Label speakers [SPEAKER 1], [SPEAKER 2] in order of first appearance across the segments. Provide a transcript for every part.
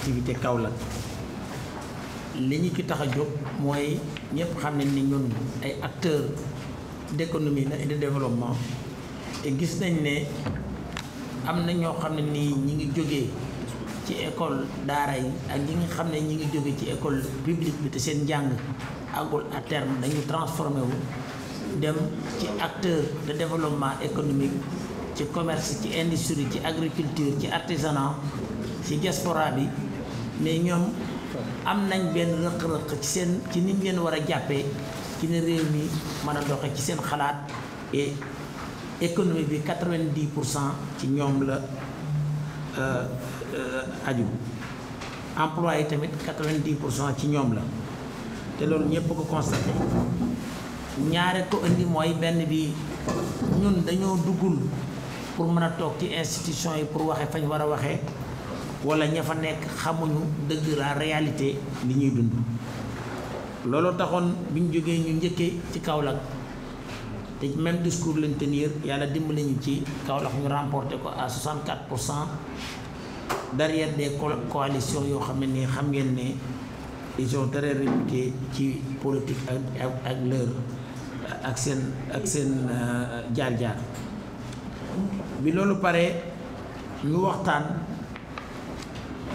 [SPEAKER 1] activité Kaolack li ñu ci tax a jóg mooy ñëpp xam ni ñun ay acteurs d'économie la et de développement te gis nañ ne am na ñoo xam ne nii ñi ngi jógee ci école daara yi ak ñi nga xam ne ñi ngi jógee ci école publique bi te seen njàng àggul à terme dañu transformé wu dem ci acteur de développement économique ci commerce ci industrie ci agriculture ci artisanat ci diaspora bi mais ñom am nañ ben rëq-rëq ci sen ci niñ leen wara jappé ci ne réew mi mëna a doxe ci sen xalaat et économie bi 90% vingt dix pour cent ci ñoom la euh, euh, aju emploi yi tamit 90% ci ñom la té lool ñepp ko constaté ñaare ko andi moy benn bi ñun dañoo duggul pour mëna tok ci institution yi pour waxé fañ wara waxé wala ña fa nekk xamuñu dëgg la réalité li ñuy dund looloo taxoon bi ñu jógee ñu njëkkee ci Kaolack te même discours lañ tenir yàlla dimbali lañu ci Kaolack ñu remporté ko à 64 pour cent derrière des coalitions yoo xam ne nii xam ngeen ne ils sont très ci politique ak ak leur ak seen ak seen euh, jaar-jaar bi loolu paree ñu waxtaan.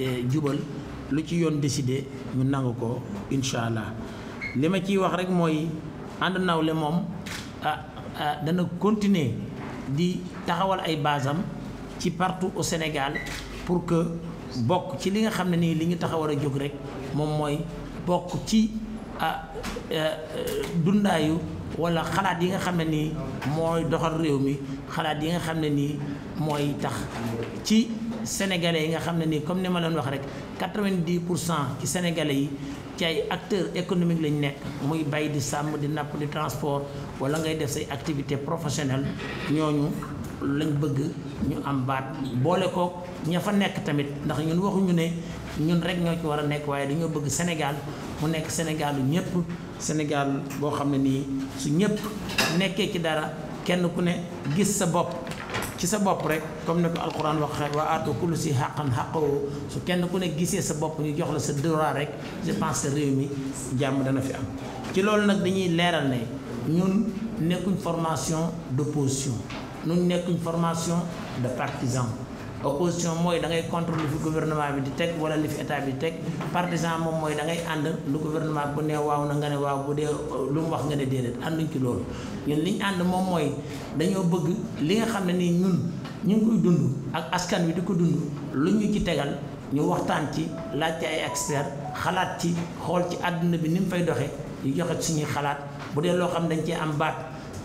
[SPEAKER 1] Eh, jubal lu ci yoon décidé ñu nang ko inshallah lima ci wax rek mooy ànd nawle mom ah, ah dana continuer di taxawal ay basam ci partout au Sénégal pour que bok, ci li nga xamné ni li ñu taxawal a rek mom moy bok ci ah, eh, eh, dundaayu wala xalaat yi nga xamné ne nii mooy doxal réew mi xalaat yi nga xamné ni moy tax ci sénégalais comme 90 des sénégalais qui sont acteurs économiques de muy des di des di des di transport wala ngay def say Nous ñooñu nous bëgg ñu nous baat ña fa Nous tamit ndax ñun de ñun Nous ñoo ci des a Nous nous bëgg Sénégal mu nous Sénégal ci sa bopp rek comme ni ko alquran waxee waa aatu kullu si xàqan xàqoo su kenn ku ne gisee sa bopp ñu jox la sa droit rek je pense que réew mi jàmm dana fi am ci loolu nag dañuy leeral ne ñun nekkuñ formation d'opposition ñun nekkuñ formation de partisan opposition mooy da ngay contre li fi gouvernement bi di teg wala li fi état bi di teg partisan moom mooy da ngay ànd lu gouvernement bu ne waaw na nga ne waaw bu dee lu mu wax nga ne déedéet ànduñ ci loolu ñun liñ ànd moom mooy dañoo bëgg li nga xam ne nii ñun ñu ngi koy dund ak askan wi di ko dund lu ñu ci tegal ñu waxtaan ci laaj ay expert xalaat ci xool ci àdduna bi ni mu fay doxee ñu joxe suñuy xalaat bu dee loo xam dañ cee am baat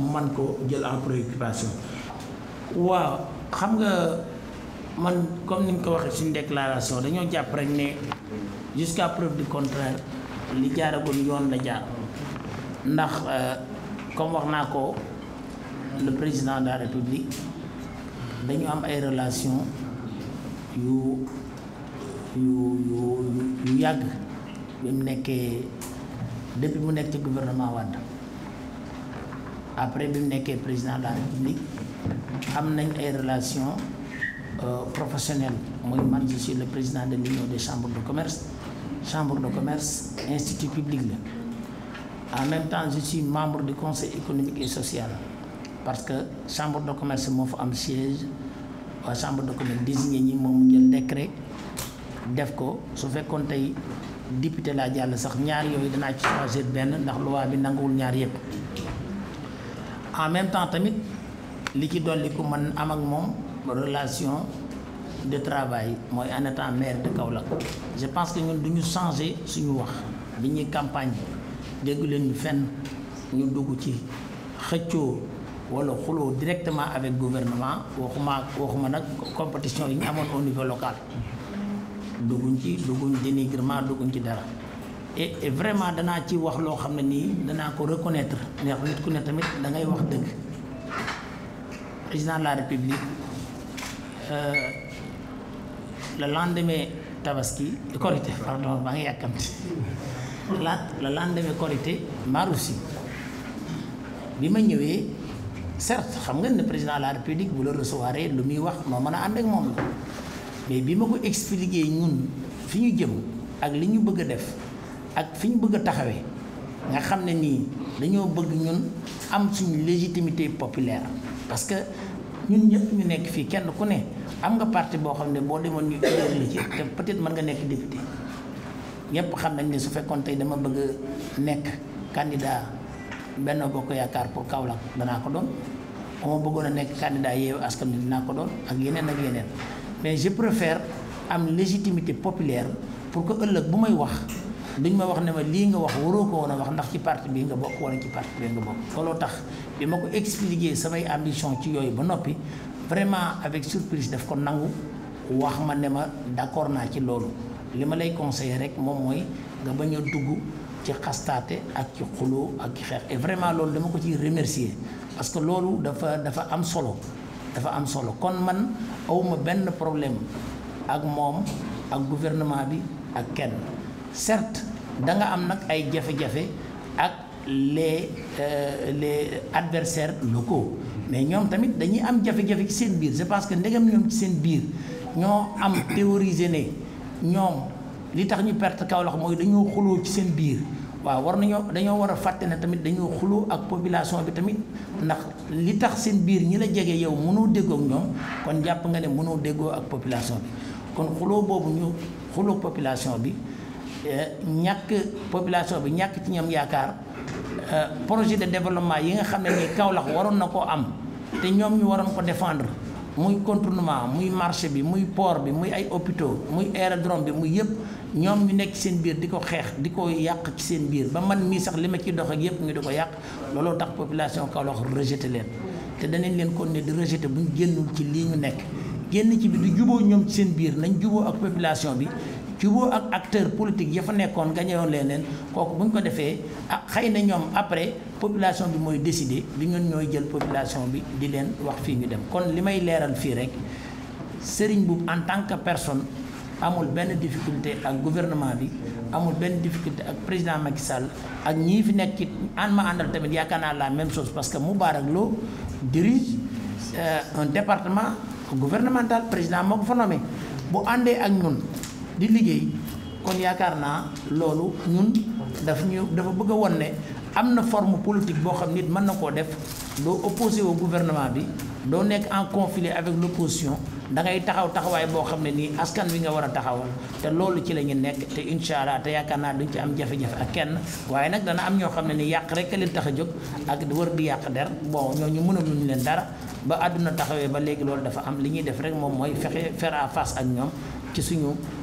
[SPEAKER 1] man ko jël en préoccupation waaw xam nga man comme ni ñu ko waxee suñu déclaration dañoo jàpp rek ne jusqu'à preuve du contraire li jaaragul yoon la jaar ndax euh, comme wax naa ko le président de la république dañu am ay relation yu yu yu yu yàgg bi mu nekkee depuis mu nekk ci gouvernement Wade après bi président de la république am nañ ay relations euh, professionnelles Moi je suis le président de l'union des chambres de commerce chambre de commerce institut public en même temps je suis membre du conseil économique et social parce que chambre de commerce mo fa am siège la chambre de commerce désigné ni décret def ko su député la la sax ñaar yoy ci changer ben ndax loi bi ñaar en même temps tamit li ci dolli ko man am ak mom relation de travail moy en étant maire de Kaolack je pense que ñun duñu changer suñu wax bi campagne dégg leen ñu fenn ñu dugg ci xëccu wala xulo directement avec gouvernement waxuma waxuma nak compétition yi ñu amoon au niveau local dugguñ ci dugguñ dénigrement dugguñ ci dara et vraiment danaa ci wax loo xam ne nii danaa ko reconnaître ndax nit ku ne tamit da ngay wax dëgg président de la république euh, le lendemain tabaski korité pardon maa ngi yàkkamti le lendemain korité Maroussi bi ma ñëwee certes xam nga ne président la république bu la recevoir lu muy wax moo mën a ànd ak moom la mais bi ma ko expliqué ñun fi ñu jëm ak li ñu bëgg a def ak fiñ bëgg taxawé nga xamné ni dañoo bëgg ñun am suñu légitimité populaire parce que ñun ñëpp ñu nekk fii kenn ku ne am nga parti boo xam ne boo demoon ñu éleure la ci te peut-être mën nga nekk député ñëpp xam nañ ne su fekkoon tey dama bëgg nekk candidat benn Bokk Yaakaar pour Kaolack danaa ko doon ama bëggoon a nekk candidat Yewwi Askan Wi dinaa ko doon ak yeneen ak yeneen mais je préfère am légitimité populaire pour que ëllëg bu may wax dañu ma wax ne ma lii nga wax waroo ko woon a wax ndax ci parti bi nga bokk wala ci parti bi nga bokk looloo tax bi ma ko expliquer samay ambition ci yooyu ba noppi vraiment avec surprise daf ko nangu wax ma ne ma d'accord naa ci loolu li ma lay conseiller rek moom mooy nga bañ dugg ci xastaate ak ci xuloo ak ci xeex et vraiment loolu dama ko ciy remercier parce que loolu dafa dafa am solo dafa am solo kon man awma benn problème ak moom ak gouvernement bi ak kenn certes da nga am ay les euh, les adversaires locaux mais ñom tamit dañuy am jafé jafé ci seen c'est parce que ndegam ñom ci seen biir ñoo am théorisé né ñom li tax ñu perte war faté. tamit ak population bi tamit li tax la yow déggo ak kon nga population kon bobu ñu population Eh, ñàkk population bi ñàkk ci ñoom yaakaar eh, projet de développement yi nga xam ne ni Kaolack waroon na koo am te ñoom ñu waroon ko défendre muy contournement muy marché bi muy port bi muy ay hôpitaux muy aérodrome bi muy yëpp ñoom ñu nekk ci seen biir di ko xeex di ko yàq ci seen biir ba man mii sax li ma ciy dox ak yëpp ñu di ko yàq looloo tax population Kaolack rejeté leen te danañ leen kon ne di rejeté bu ñu ci lii ñu nekk génn ci bi di juboo ñoom ci seen biir nañ juboo ak population bi juboo ak acteur politique ya fa nekkoon gañewoon leen leen kooku bu ñu ko defee a ah, xëy na ñoom après population bi mooy décider li ñun ñooy jël population bi di leen wax fii ñu dem kon li may leeral fii rek Serigne bu en tant que personne amul benn difficulté ak gouvernement bi amul benn difficulté ak président Macky Sall ak ñii fi nekk ci an ma àndal tamit yaakaar naa la même sos parce que Moubarak Lo dirige euh, un département gouvernemental président moo ko bu àndee ak ñun di liggéey kon yaakaar naa loolu ñun daf ñu dafa bëgg a won ne am na forme politique boo xam nit mën na koo def doo opposé au gouvernement bi doo nekk en conflit avec l'opposition da ngay taxaw taxawaay boo xam ne nii askan wi nga war a taxawal te loolu ci la ñu nekk te incha allah te yaakaar naa duñ ci am jafe-jafe ak kenn waaye nag dana am ñoo xam ne nii yàq rek leen tax a jóg ak wër di yàq der bon ñooñu mënaluñu leen dara ba àdduna taxawee ba léegi loolu dafa am li ñuy def rek moom mooy fexe faire ak ñoom ci suñu.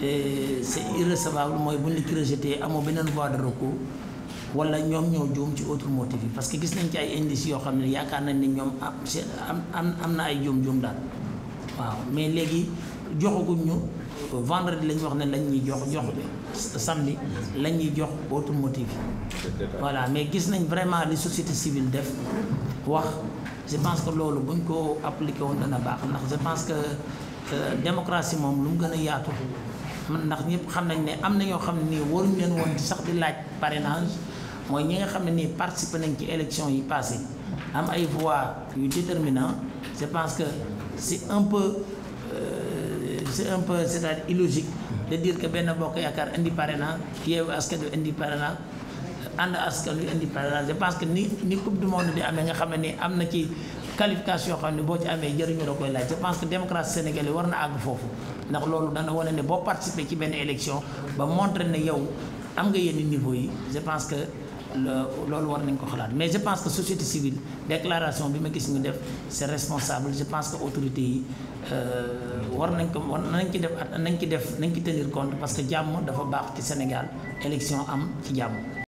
[SPEAKER 1] et c' est irrecevable mooy bu ñu la rejeté amoo beneen voie de recours wala ñom ñoo joom ci autre motif parce que gis nañ ci ay indices yo xamné ne yaakaar nañ ni ñom am amna ay joom joom daal waaw mais légui joxaguñ ñu vendredi lañ wax ne lañ ñi jox jox samedi lañ ñi jox autre motif voilà mais gis nañ vraiment les sociétés civiles def wax je pense que lolu buñ ko appliquer won dana baax ndax je pense que euh, démocratie mom lu mu yaatu ndax ñëpp xam nañ ne am na ñoo xam ne nii waruñu leen woon sax di laaj parrainage mooy ñi nga xam ne nii participé nañ ci élection yi passé am ay voix yu déterminant je pense que c'est un peu euh, c'est un peu c'est-à-dire illogique de dire que benn bokk yaakaar indi parrainage yeewu askan wi indi parrainage ànd askan wi indi parrainage je pense que ni ni coupe du monde di amee nga xam ne nii am na ci qualification yoo xam ne boo ci amee jëriñu la koy laaj je pense que démocratie sénégalaise war na àgg foofu ndax loolu dana wane ne boo participer ci benn élection ba montrer ne yow am nga yenn niveau yi je pense que loolu war nañ ko xalaat mais je pense que société civile déclaration bi ma gis ñu def c'est responsable je pense que autorité yi euh, war nañ ko war nañ ci def nañ ci def nañ ci tenir compte parce que jàmm dafa baax ci Sénégal élection am ci jàmm